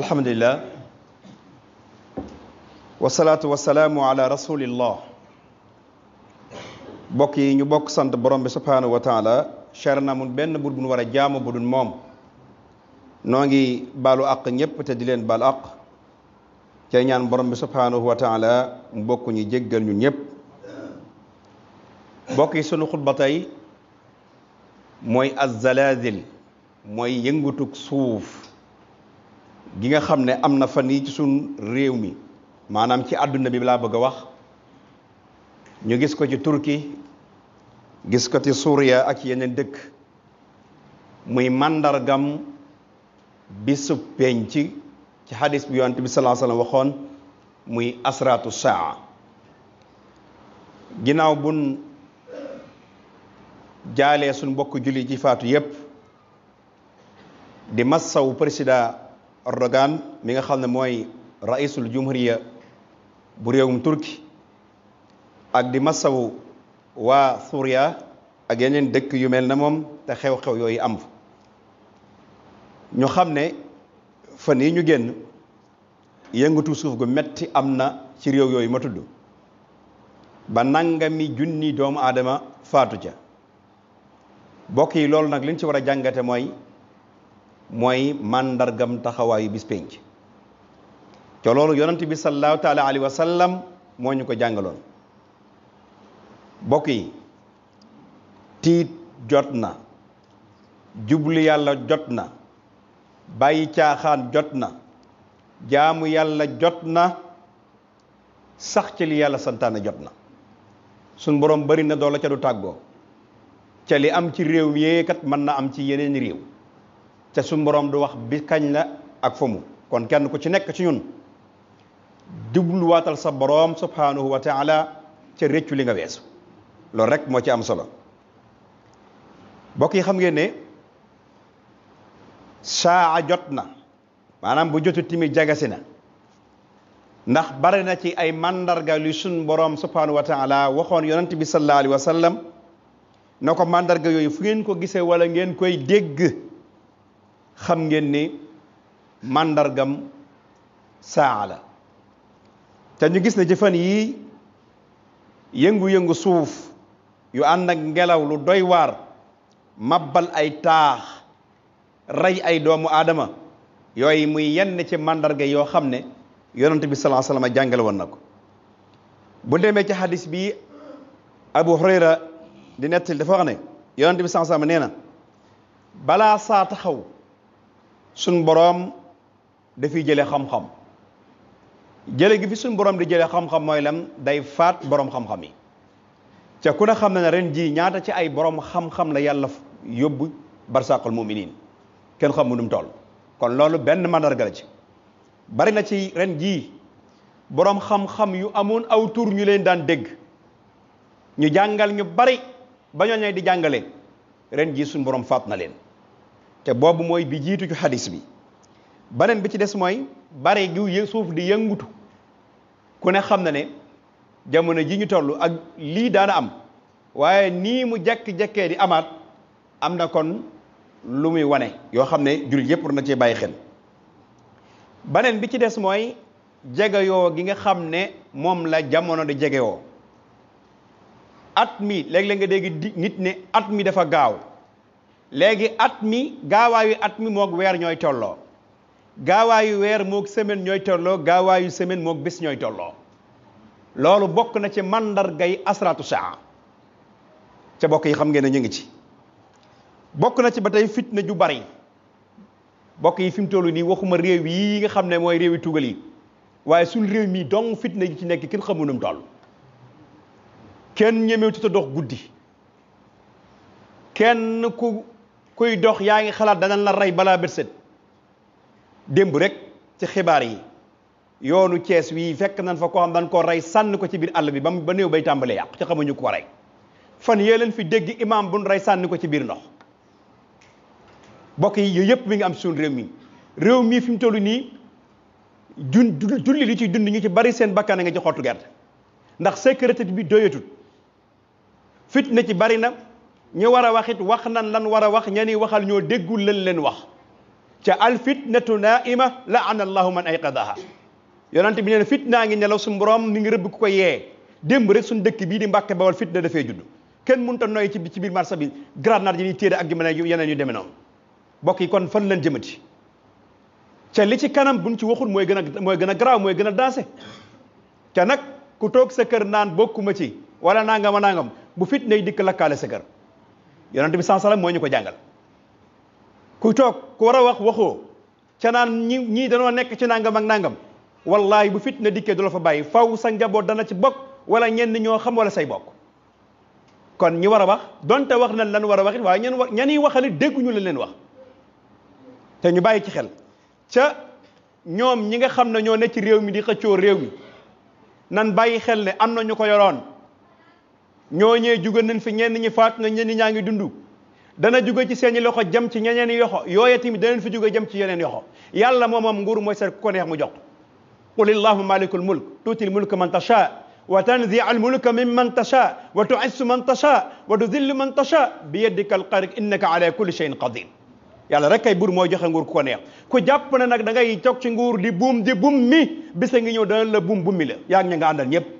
alhamdulilah wasalaatu wasalaamu ala rasulillah bokk yi ñu bokk sant borom bi subhanahu wa taala cher na mun benn bur bu nu war a jaamu bu dul moom noo ngi baalu àq ñëpp te di leen baal àq cay ñaan borom bi subhanahu wa taala mu bokk ñu jéggal ñun ñëpp bokk yi sunu xutba tey mooy azzalazil mooy yëngutuk suuf gi nga xam ne am na fan yi ci suñ réew mi maanaam ci àdduna bi laa bëgg a wax ñu gis ko ci Turki gis ko ci Suuriya ak yeneen dëkk muy màndargam bisub penc ci ci bi yonent bi salaa waxoon muy asraatu saa ginnaaw bun jaalee suñ mbokk julli ci faatu yépp di massawu président Erdogan mi nga xam ne mooy raisul jumhuriya bu réewum turki ak di masawu waa Suuriya ak yeneen dëkk yu mel na moom te xew-xew yooyu am ñu xam ne fan yi ñu génn yëngatu suuf gu metti am na ci réew yooyu ma tudd ba mi junni doomu aadama faatu ca bokk yi loolu nag liñ ci war a jàngate mooy mooy màndargam taxawaayu bis penc ca loolu yonent bi sallallahu taala alayhi wa sallam moo ñu ko jàngaloon bokk yi tiit jot na jubli yàlla jot na bàyyi caaxaan jot na jaamu yàlla jot na sax ci li yàlla santaane jot na suñ borom bari na doola ca du tàggoo ca li am ci réew yee kat mën na am ci yeneen réew ca suñu boroom du wax bi kañ la ak fomu kon kenn ku ci nekk ci ñun dubluwaatal sa boroom subhanahu wa taala ca réccu li nga weesu loolu rek moo ci am solo mbokk yi xam ngeen ne saa jot na maanaam bu jotu timi jagasi na ndax bari na ci ay mandarga lu suñ boroom subhanahu wa taala waxoon yonent bi sallallahu wa sallam na ko mandarga yooyu fu ngeen ko gisee wala ngeen koy dégg xam ngeen ni màndargam saa la te ñu gis na jëfan yii yëngu-yëngu suuf yu ànd ngelaw lu doy waar mabbal ay taax rey ay doomu aadama yooyu muy yenn ci màndarga yoo xam ne yonent bi sallallahu alayhi wa sallam jàngale na ko bu demee ci xadis bi Abu Hurayra di nettali dafa wax ne yonent bi sallallahu alayhi wa sallam na balaa saa taxaw suñ boroom dafiy jële xam-xam jële gi fi suñ boroom di jële xam-xam mooy lan day faat boroom xam-xam yi ca ku ne xam na ne ren jii ñaata ci ay boroom xam-xam la yàlla yóbbu barsaqal muminin kenn xam mu nu mu kon loolu benn mandarga la ci bari na ci ren jii boroom xam-xam yu amoon aw tur ñu leen daan dégg ñu jàngal ñu bari ba ñoo ñay di jàngale ren jii suñ boroom faat na leen te boobu mooy bi jiitu ci xadis bi beneen bi ci des mooy bari gi suuf di yëngutu ku ne xam na ne jamono ji ñu toll ak lii daana am waaye nii mu jekk-jekkee di amaat am na kon lu muy wane yoo xam ne jullit yépp war na cee bàyyi xel beneen bi ci des mooy jegeyoo gi nga xam ne moom la jamono di jegeyoo at mi léeg-léeg nga dégg nit ne at mi dafa gaaw léegi at mi gaawaayu at mi moog weer ñooy tolloo gaawaayu weer moo semaine ñooy tolloo gaawaayu semaine moog bis ñooy tolloo loolu bokk na ci mandargay asratu saa ca bokk yi xam ngeen ne ñu ngi ci bokk na ci ba tey fitna ju bari bokk yi fi mu toll nii waxuma réew yi nga xam ne mooy réewi tugal yi waaye suñ réew mii dong fitna ji ci nekk kenn xamu nu mu kenn ñemew ci ta dox guddi kenn ku kuy dox yaa ngi xalaat danañ la rey balaa bët set démb rek ci xibaar yi yoonu Cees wii fekk nañ fa koo xam dañ koo rey sànni ko ci biir àll bi ba mu ba néew bay tàmbalee yàqu ci xamuñu ko rey fan yee leen fi dégg imaam buñ rey sànni ko ci biir ndox mbokk yi yooyu yëpp mi ngi am suñu réew mi réew mii fi mu toll nii jun julli li ci dund ñu ci bari seen bakkan a nga ci xottu gerte ndax sécurité bi doyatul fit na ci bari na. ñi war a wax wax nan lan war a wax ñani waxal ñoo déggul lan leen wax ca al fitnatu la laana allahu man ayqadaha yonante bi neen fitnaa ngi nelaw suñu borom mi ngi rëbb ku ko yee démb rek dëkk bii di mbàkke bawal fitna defee judd kenn mënut a noyyi ci ci biir marché bi grenade yi ñuy téere ak gimane yeneen yu demee noonu bokk yi kon fan leen jëmati ca li ci kanam buñ ci waxul mooy gën a mooy gën a garaaw mooy gën a dansé ca nag ku toog sa kër naan bokkuma ci wala nangama nangam bu fitnay dikk lakkaale sa yonent bi sallallahu alayhi wasallam moo ñu ko jàngal ku toog ku war a wax waxoo ca naan ñi ñii danoo nekk ci nangam ak nangam wallahi bu fitna dikkee du la fa bàyyi faw sa njaboot dana ci bokk wala ñenn ñoo xam wala say bokk kon ñi war a wax donte wax nañ lan war a wax it waaye ñen wa ñaniy waxalit dégguñu la leen wax te ñu bàyyi ci xel ca ñoom ñi nga xam ne ñoo ne ci réew mi di xëccoo réew mi nan bàyyi xel ne am na ñu ko yoroon ñooñee juge nañ fi ñenn ñi faatu na ñenn ñaa ngi dund dana juge ci seeni loxo jëm ci ñeneen yoxo ti mi danañ fi juge jëm ci yeneen yoxo yàlla moom moom nguur mooy seet ku ko neex mu jox qul illahuma malikul mulk tuutil mulk man ta wa tanzi al mulka mimman tasha wa tuissu man tasha wa tuzillu man tasha bi yeddika al xayr innaka ala kulli shay'in qadir yàlla rek kay buur mooy joxe nguur ku ko neex ku jàpp ne nag da ngay toog ci nguur di buum di buum mi bisa ngi ñëw dana la buum buum mi la yaa ngi nga àndal ñëpp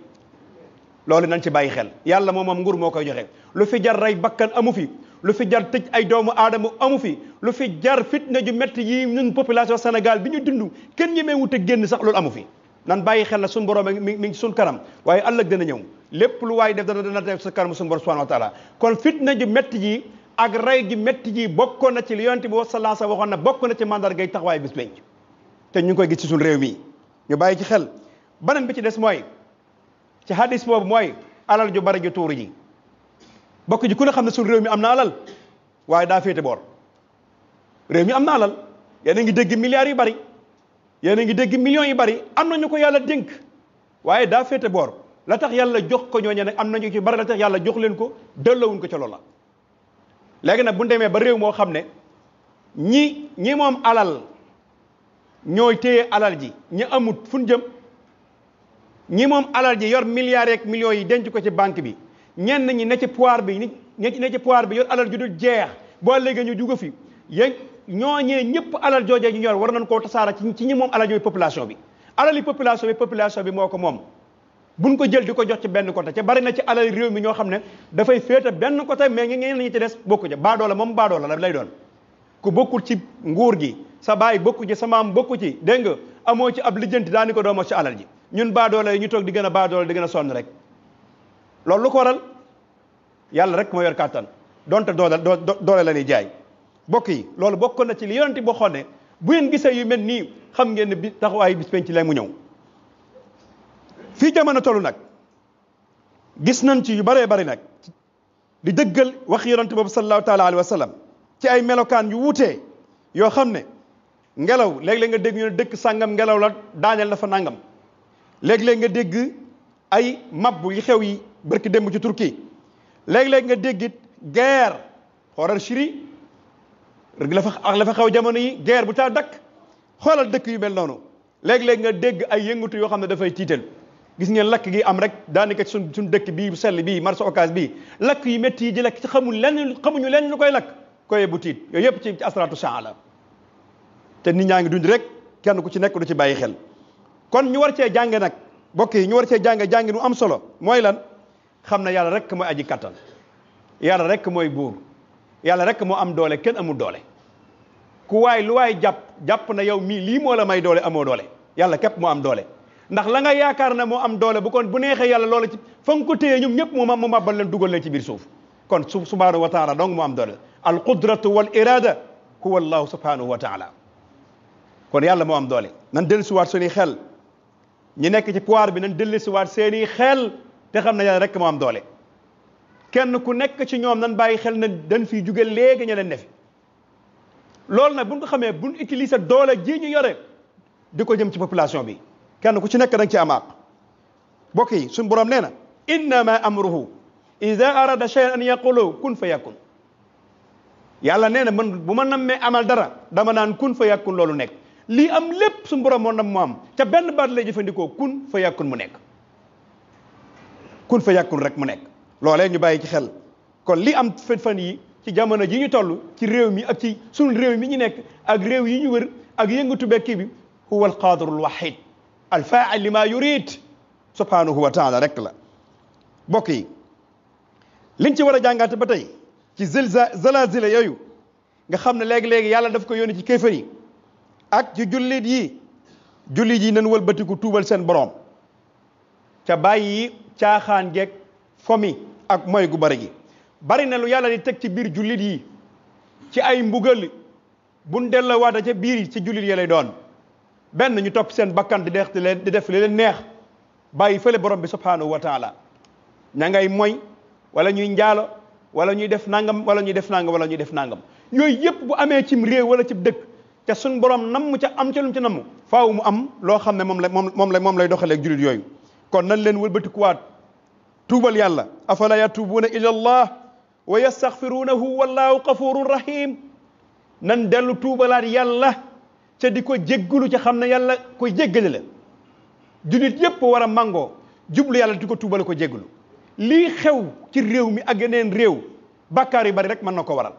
loolu nañ ci bàyyi xel yàlla moom moom nguur moo koy joxe lu fi jar rey bakkan amu fi lu fi jar tëj ay doomu aadama amu fi lu fi jar fitna ju metti yi ñun population Sénégal bi ñu dund kenn ñemee wute génn sax loolu amu fi nan bàyyi xel na suñu borom mi mi ngi suñu kanam waaye ëllëg dana ñëw lépp lu waaye def dana dana def sa kanam suñu borom subhanahu wa taala kon fitna ju metti ji ak rey gi metti ji bokkoon na ci li yonent bi sallallahu alayhi waxoon na bokk na ci mandargay taxawaay bis penc te ñu ngi koy gis ci suñu réew mi ñu bàyyi ci xel beneen bi ci des mooy ci hadis boobu mooy alal ju bari ju tuuru ji bokk ji ku ne xam ne suñu réew mi am na alal waaye daa féete boor réew mi am na alal yéen a ngi dégg milliards yu bari yéen a ngi dégg millions bari am na ñu ko yàlla dénk waaye daa fete boor la tax yàlla jox ko ñooñu nag am na ñu ci bari la tax yàlla jox leen ko delloowuñ ko ca loola. léegi nag bu demee ba réew moo xam ne ñi ñi moom alal ñooy téye alal ji ñi amut fu jëm. ñi moom alal ji yor milliards ak millions yi denc ko ci banque bi ñenn ñi ne ci pouvoir bi ne ci pouvoir bi yor alal ju boo léegi ñu jugu fi yéen ñooñee ñëpp alal joojee ñu yor war nañ koo tasaara ci ci ñi moom alal yooyu population bi alal yi population bi bi moo ko moom buñ ko jël di ko jox ci benn côté ca bari na ci alal réew mi ñoo xam ne dafay féetal benn côté mais ngi ngeen nañu ci des bokku ca baadoola moom baadoola la lay doon ku bokkul ci nguur gi sa baay bokku ci sa maam ci dégg nga amoo ci ab lijjanti daani ko doomoo ci alal ji ñun baadoole yi ñu toog di gën a baadoole di gën a sonn rek loolu lu ko waral yàlla rek moo yor kàttan donte doole doole la ñuy jaay bokk yi loolu bokkoon na ci li yonent boo ne bu ngeen gisee yu mel nii xam ngeen ne bi taxawaay bis ci lay mu ñëw fii jamono tollu nag gis nañ ci yu baree bari nag di dëggal wax yonent boobu sallallahu taala alayhi wa sallam ci ay melokaan yu wuutee yoo xam ne ngelaw léeg-léeg nga dégg dëkk sangam ngelaw la daaneel na fa nangam léegi léeg nga dégg ay mabbu yi xew yi barki démb ci turki léeg-léeg nga déggit guerre xoolal Syrie la fa ak la fa xew jamono yi guerre bu taa dakk xoolal dëkk yu mel noonu léeg-léeg nga dégg ay yëngatu yoo xam ne dafay tiital gis ngeen lakk gi am rek daanaka suñ suñ dëkk bii sell bii marché Ocass bii lakk yi métti yi ji lakk ci xamul lenn xamuñu leen lu koy lakk koy bu tiit yooyu yëpp ci asraatu saa la te nit ñaa ngi dund rek kenn ku ci nekk du ci bàyyi xel kon ñu war cee jànge nag mbokk yi ñu war cee jànge jàngi nu am solo mooy lan xam ne yàlla rek mooy aji kattan yàlla rek mooy buur yàlla rek moo am doole kenn amul doole kuwaay waay lu waay jàpp jàpp na yow mii lii moo la may doole amoo doole yàlla képp moo am doole ndax la nga yaakaar na moo am doole bu kon bu neexee yàlla loola ci fa nga ko téye ñoom ñëpp mu ma mu màbbal leen dugal leen ci biir suuf kon su subhanahu wa taala donc moo am doole al qudratu wal irada huwa allahu subhanahu wa yàlla moo am doole nan dellusiwaat suñuy xel ñu nekk ci pouvoir bi nañ dellusiwaat seeni xel te xam na yàlla rek moo am doole kenn ku nekk ci ñoom nañ bàyyi xel na dañ fiy jóge léegi ñeneen ne fi loolu nag bu ñu xamee bu ñu utiliser doole ji ñu yore di ko jëm ci population bi kenn ku ci nekk danga ci amaaq bokk yi suñu borom nee na ma amruhu ida arada shay'an an yaqulu kun fa yakun yàlla nee na man bu ma nammee amal dara dama naan kun fa yakun loolu nekk lii am lépp suñu borom moo nam am ca benn baat lay jëfandikoo kun fa yàkkun mu nekk kun fa yàkkun rek mu nekk loole ñu bàyyi ci xel kon lii am fan fan yi ci jamono ji ñu toll ci réew mi ak ci suñu réew mi ñu nekk ak réew yi ñu wër ak yëngatu bekki bi huwa alqaadirul wahid alfaa'il li maa yurid subhanahu wa taala rek la mbokk yi liñ ci war a jàngaate ba tey ci zilza zalazila yooyu nga xam ne léegi-léegi yàlla def ko yónni ci kéefar yi ak ci jullit yi jullit yi nañ wëlbatiku tuubal seen borom ca bàyyi caaxaan geeg fomi ak moy gu bari gi bari na lu yàlla di teg ci biir jullit yi ci ay bu buñ delluwaat ca biir ci jullit yi lay doon benn ñu topp seen bakkan di deex di def li leen neex bàyyi fële borom bi subhanahu wa taala ngay moy wala ñuy njaalo wala ñuy def nangam wala ñuy def nangam wala ñuy def nangam yooyu yëpp bu amee cim réew wala cib dëkk te suñ borom nam mu ca am ca lu ca namm faaw mu am loo xam ne moom la moom moom la moom lay doxaleeg jullit yooyu kon nañ leen wëlbatikuwaat tuubal yàlla afala yatubuuna ila allah wa yastaxfiruunahu wallaahu gafurun nan dellu tuubalaat yàlla ca di ko jéggulu ca xam ne yàlla ko jéggale la jullit yépp war a màngoo jublu yàlla di ko tuubale ko jéggulu lii xew ci réew mi ak yeneen réew bàkkaar yu bari rek mën na ko waral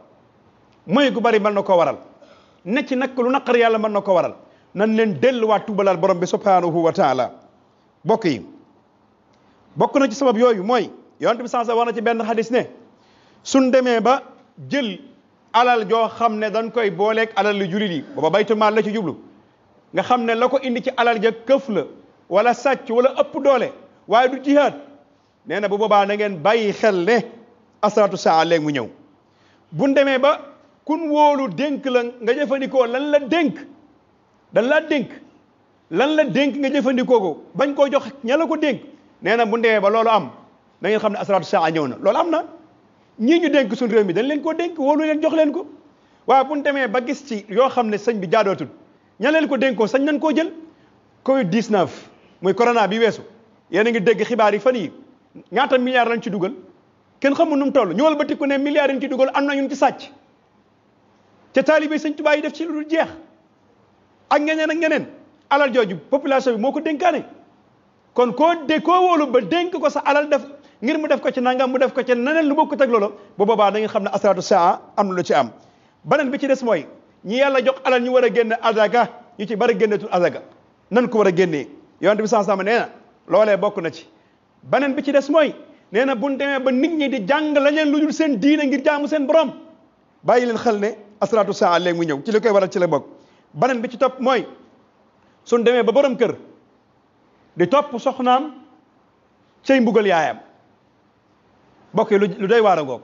moy gu bari mën na ko waral ne ci nag lu naqar yàlla mën na ko waral nan leen delluwaat tuubalaal borom bi subhaanahu wa taala bokk yi bokk na ci sabab yooyu mooy yonent bi sansa war na ci benn xadis ne suñ demee ba jël alal joo xam ne dañ koy booleeg alal lu julit yi booba baytu maal la ci jublu nga xam ne la ko indi ci alal ja këf la wala sàcc wala ëpp doole waaye du jihaad nee na bu boobaa na ngeen bàyyi xel ne asaratu saa léegi mu ñëw buñ demee ba kun wóolu dénk la nga jëfandikoo lan la dénk dan laa dénk lan la dénk nga jëfandikoo ko bañ koo jox ña la ko dénk nee na bu ndewee ba loolu am da xam ne asraatu saa ñëw na loolu am na ñii ñu dénk suñu réew dañ leen koo dénk wóolu leen jox leen ko waaye bu demee ba gis ci yoo xam ne sëñ bi jaadootul ña ko dénkoo sañ nañ koo jël covid 19 muy corona bi weesu yéen a ngi dégg xibaar yi fan yi ñaata milliards lañ ci dugal kenn xamul nu mu toll ñëwal ba tikku ne milliards yi ñu ci dugal am na ñun ci sàcc te taalibe sëñ Tuubaa yi def ci lu dul jeex ak ngeneen ak ñeneen alal jooju population bi moo ko dénkaane kon koo de koo wóolu ba dénk ko sa alal def ngir mu def ko ci nangam mu def ko ci neneen lu bokkut ak loolu bu boobaa da nga xam ne asraatu saa am na lu ci am beneen bi ci des mooy ñi yàlla jox alal ñu war a génne azaka ñu ci bari génneetul azaka nan ko war a génnee yonent bi saa sama nee na loolee bokk na ci beneen bi ci des mooy nee na bu demee ba nit ñi di jàng la leen lu jul seen diina ngir jaamu seen borom bàyyi leen xel ne asalaatu saa léegi mu ñëw ci li koy waral ci la bokk beneen bi ci topp mooy suñ demee ba borom kër di topp soxnaam cay mbugal yaayam bokk lu doy waar a goog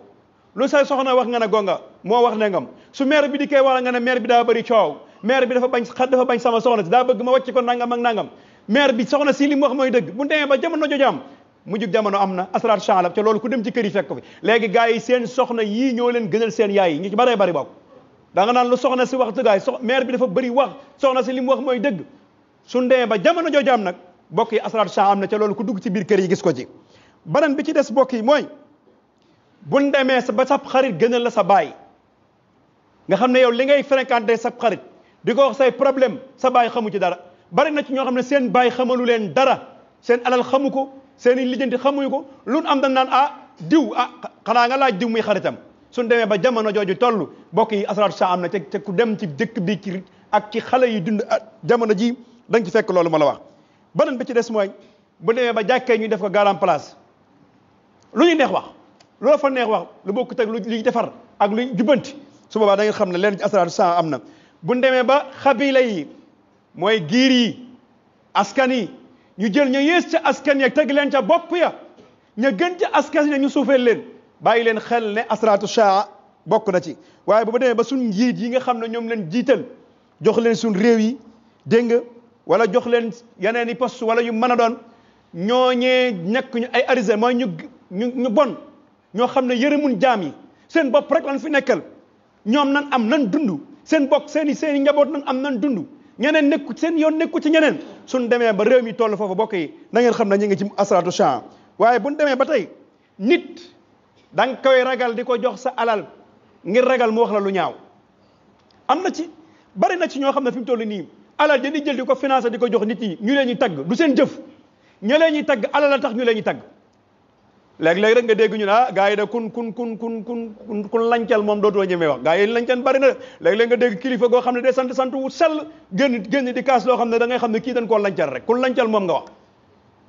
lu say soxna wax nga ne gonga moo wax ne ngam su maire bi di koy a nga ne maire bi daa bari coow maire bi dafa bañ dafa bañ sama soxna si daa bëgg ma wàcc ko nangam ak nangam maire bi soxna si li mu wax mooy dëgg bu demee ba jamono jooju am mu jug jamono am na asraat chanlab ca loolu ku dem ci kër yi fekk léegi gars yi seen soxna yii ñoo leen gënal seen yaay yi ñu ci baree bari bokk da nga naan lu soxna si wax dëggaay sox maire bi dafa bëri wax soxna si li mu wax mooy dëgg su ndee ba jamono jooju am nag bokk yi asraatu sa am na ca loolu ku dugg ci biir kër yi gis ko ci beneen bi ci des bokk yi mooy buñ demee sa ba sab xarit gënal la sa baay nga xam ne yow li ngay fréquenté sab xarit di ko wax say problème sa baay xamu ci dara bari na ci ñoo xam ne seen baay xamalu leen dara seen alal xamu ko seen i lijjanti xamuñu ko lu am dañ naan ah diw ah xanaa nga laaj diw muy xaritam suñ demee ba jamono jooju toll bokk yi asraatu saa am na te te ku dem ci dëkk bi ci ak ci xale yi dund ah, jamono ji da ci fekk loolu ma la wax beneen bi ci des mooy bu demee ba jàkkee ñu def ko garan place lu ñu neex wax loo fa neex wax lu bokkut ak lu luy defar ak luy jubbanti su boobaa da xam ne leen ci asraatu saa am na bu demee ba xabila yi mooy giir yi askan yi ñu jël ñu yées ca askan ya teg leen ca bopp ya ña gën ci askan ya ñu leen bàyyi leen xel ne asraatu saa bokk na ci waaye bu ba demee ba suñ njiit yi nga xam ne ñoom leen jiital jox leen suñ réew yi dégg nga wala jox leen yeneen i poste wala yu mën a doon ñooñee nekk ñu ay arisé mooy ñu ñu bon ñoo xam ne yërëmun jaam yi seen bopp rek lan fi nekkal ñoom nan am nan dundu seen bokk seen i seen i njaboot nan am nan dundu ñeneen nekku seen yoon nekku ci ñeneen suñ demee ba réew mi toll foofu bokk yi na ngeen xam ne ñu ngi ci asraatu champs waaye buñ demee ba tey nit da nga koy ragal di ko jox sa alal ngir ragal mu wax la lu ñaaw am na ci bari na ci ñoo xam ne fi mu toll nii alal dañuy jël di ko financé di ko jox nit yi ñu leen ñuy tagg du seen jëf ñu leen ñuy tagg alal a tax ñu leen ñuy tagg léeg-léeg rek nga dégg ñu ne ah yi da kun kun kun kun kun kun lancal moom dootoo ñemee wax gars yi lancal bari na léeg-léeg nga dégg kilifa goo xam ne day sant sant wu sell génn génn di kaas loo xam ne da ngay xam ne kii dañ koo lancal rek kun lancal moom nga wax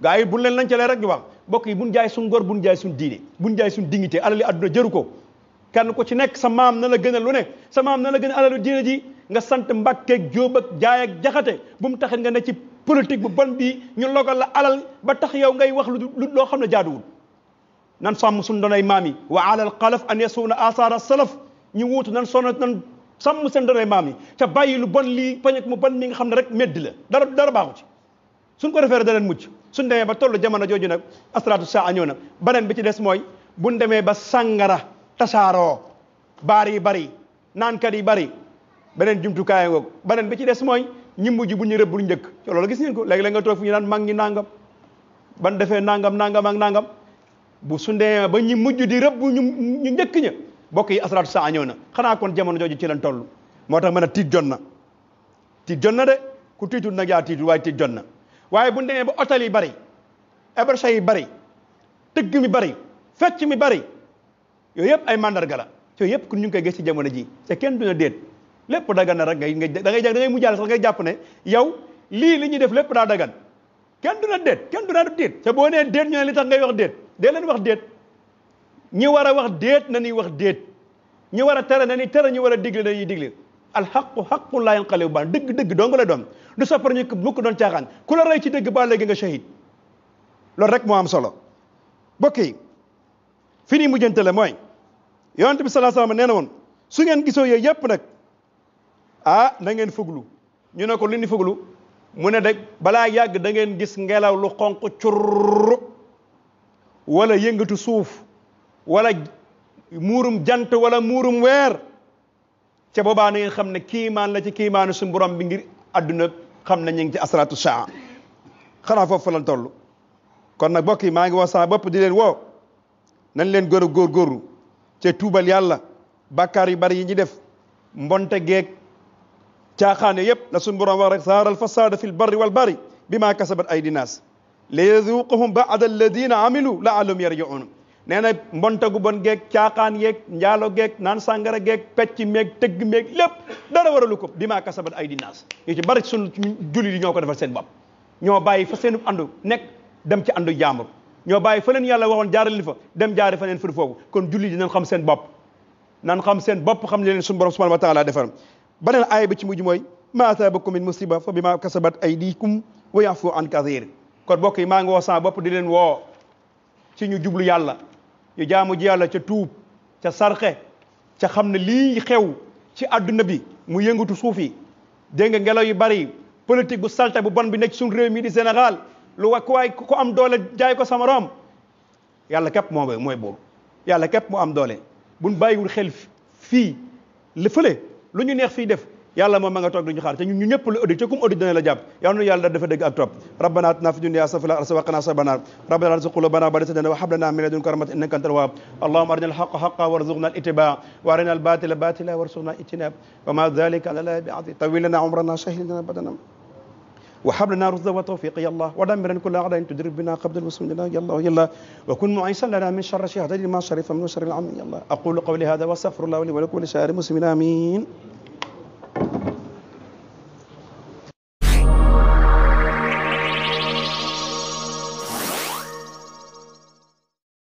gars yi buñ leen lancalee rek ñu wax bokk yi buñ jaay suñ ngor buñ jaay suñ diine buñ jaay suñ dignité alali àdduna jëru ko kenn ku ci nekk sa maam na la gënal lu ne sa maam na la gënal alalu diine ji nga sant mbàkkeeg jóob ak jaay ak jaxate bu mu taxit nga ne ci politique bu bon bii ñu logal la alal ba tax yow ngay wax lu loo xam ne jaaduwul nan sàmm suñ donay maam yi wa alal xalaf an yasuuna asaara salaf ñu wuutu nan sonn nan sàmm seen donay maam yi te bàyyi lu bon lii pañek mu bon mi nga xam ne rek meddi la dara dara baaxu ci suñ ko defee danañ mucc suñ demee ba tollu jamono jooju nag asraatu saa ñëw na beneen bi ci des mooy buñ demee ba sàngara tasaaroo baar yi bari naankat yi bari beneen jumtukaay ngoog beneen bi ci des mooy ñi mujj bu ñu rëbbul njëkk te gis ngeen ko léegi la nga toog ñu naan mag ñi nangam ban defee nangam nangam ak nangam bu sundee ba ñi mujj di rëbb ñu ñu njëkk ña bokk yi asraatu saa ñëw na xanaa kon jamono jooju ci leen toll moo tax ma ne tiit jot na tiit jot na de ku tiitul nag yaa tiitul waaye tiit jot na waaye bu ndee demee ba hôtel bari éberge yi bari tëgg mi bari fecc mi bari yooyu yëpp ay mandarga la yooyu yëpp ñu ngi koy gis ci jamono ji te kenn duñu déet lépp dagan na rek ngay ngay da ngay da ngay mujjaale sax ngay jàpp ne yow lii li ñuy def lépp daa dagan kenn duna déet kenn duna déet te boo nee déet ñoo ne li tax ngay wax déet dee leen wax déet ñi war a wax déet na ñuy wax déet ñi war a tere na ñuy tere ñi war a digle na ñuy digle alxaqu xaqu laa yanqalibu baan dëgg dëgg dong la doon du soppar ñu mukk doon caaxaan ku la rey ci dëgg ba léegi nga shahid loolu rek moo am solo bokk yi fi nii mujjante la mooy yonent bi sallallahu alayhi wasallam nee na woon su ngeen gisoo yooyu yëpp nag ah na ngeen fuglu ñu ne ko lu ni fuglu mu ne de balaa yàgg da ngeen gis ngelaw lu xonq curr wala yëngatu suuf wala muurum jant wala muurum weer ca boobaa na ngeen xam ne kiimaan la ci kiimaanu suñu borom bi ngir adduna xam ne ñu ngi ci asraatu saa xanaa foofu lan toll kon nag mbokk yi maa ngi wax sama bopp di leen woo nañ leen gën a góorgóorlu ca tuubal yàlla bàkkaar yu bari yi ñu def mbonte geeg caaxaane yëpp la suñu borom wax rek saaral fasaada fil barri wal bari bi kasabat ay dinaas li yazuqahum baada alladina amilu la alum yarjiun nee na mbonte gu bon geeg caakaan yeeg njaalo geek naan sàngara geeg pecc meeg tëgg meeg lépp dara waralu ko bi maa kasabat ay dinaas ñu ci bari suñu julli di ñoo ko defal seen bopp ñoo bàyyi fa seen andu nekk dem ci andu jaamur ñoo bàyyi fa leen yàlla waxoon li fa dem jaari fa neen fudi foofu kon julli di nañ xam seen bopp nan xam seen bopp xam leen suñu borom subhanahu wa taala defar beneen aaya bi ci mujj mooy ma asabakum min musiba fa bima kasabat aydikum wa yafu an kathir kon bokk yi maa ngi woo sama bopp di woo ci ñu jublu yàlla ñu jaamu ji yàlla ca tuub ca sarxe ca xam ne lii xew ci àdduna bi mu yëngatu suufi yi nga ngelaw yu bari politique bu salte bu bon bi nekk suñu réew mi di Sénégal lu wa ku waay ku am doole jaay ko sama rom yàlla képp moo mooy boobu yàlla képp mu am doole buñ bàyyiwul xel fii li fële lu ñu neex fii def yàlla moom ma nga toog di ñu xaar te ñun ñu ñëpp la audit te kum audit dana la jàpp yal na yàlla dafa dégg ak topp rabbana atina fi dunya hasanatan wa qina azaban nar rabbana la tuzigh qulubana ba'da idh hadaytana wa hab lana min ladunka rahmatan innaka antal wahhab allahumma arina al-haqqa haqqan warzuqna al-ittiba'a wa arina al-batila batilan warzuqna al-ijtinab wa ma dhalika 'ala Allahi bi'aziz tawil lana 'umrana shahid lana badana وحب لنا رشدا وتوفيق يا الله ودمر كل اعداء تدرب بنا قبل المسلمين يا الله يا الله وكن معيسا لنا من شر شهداء ما شرف من شر العم يا الله اقول قولي هذا واستغفر الله لي ولكم ولسائر المسلمين امين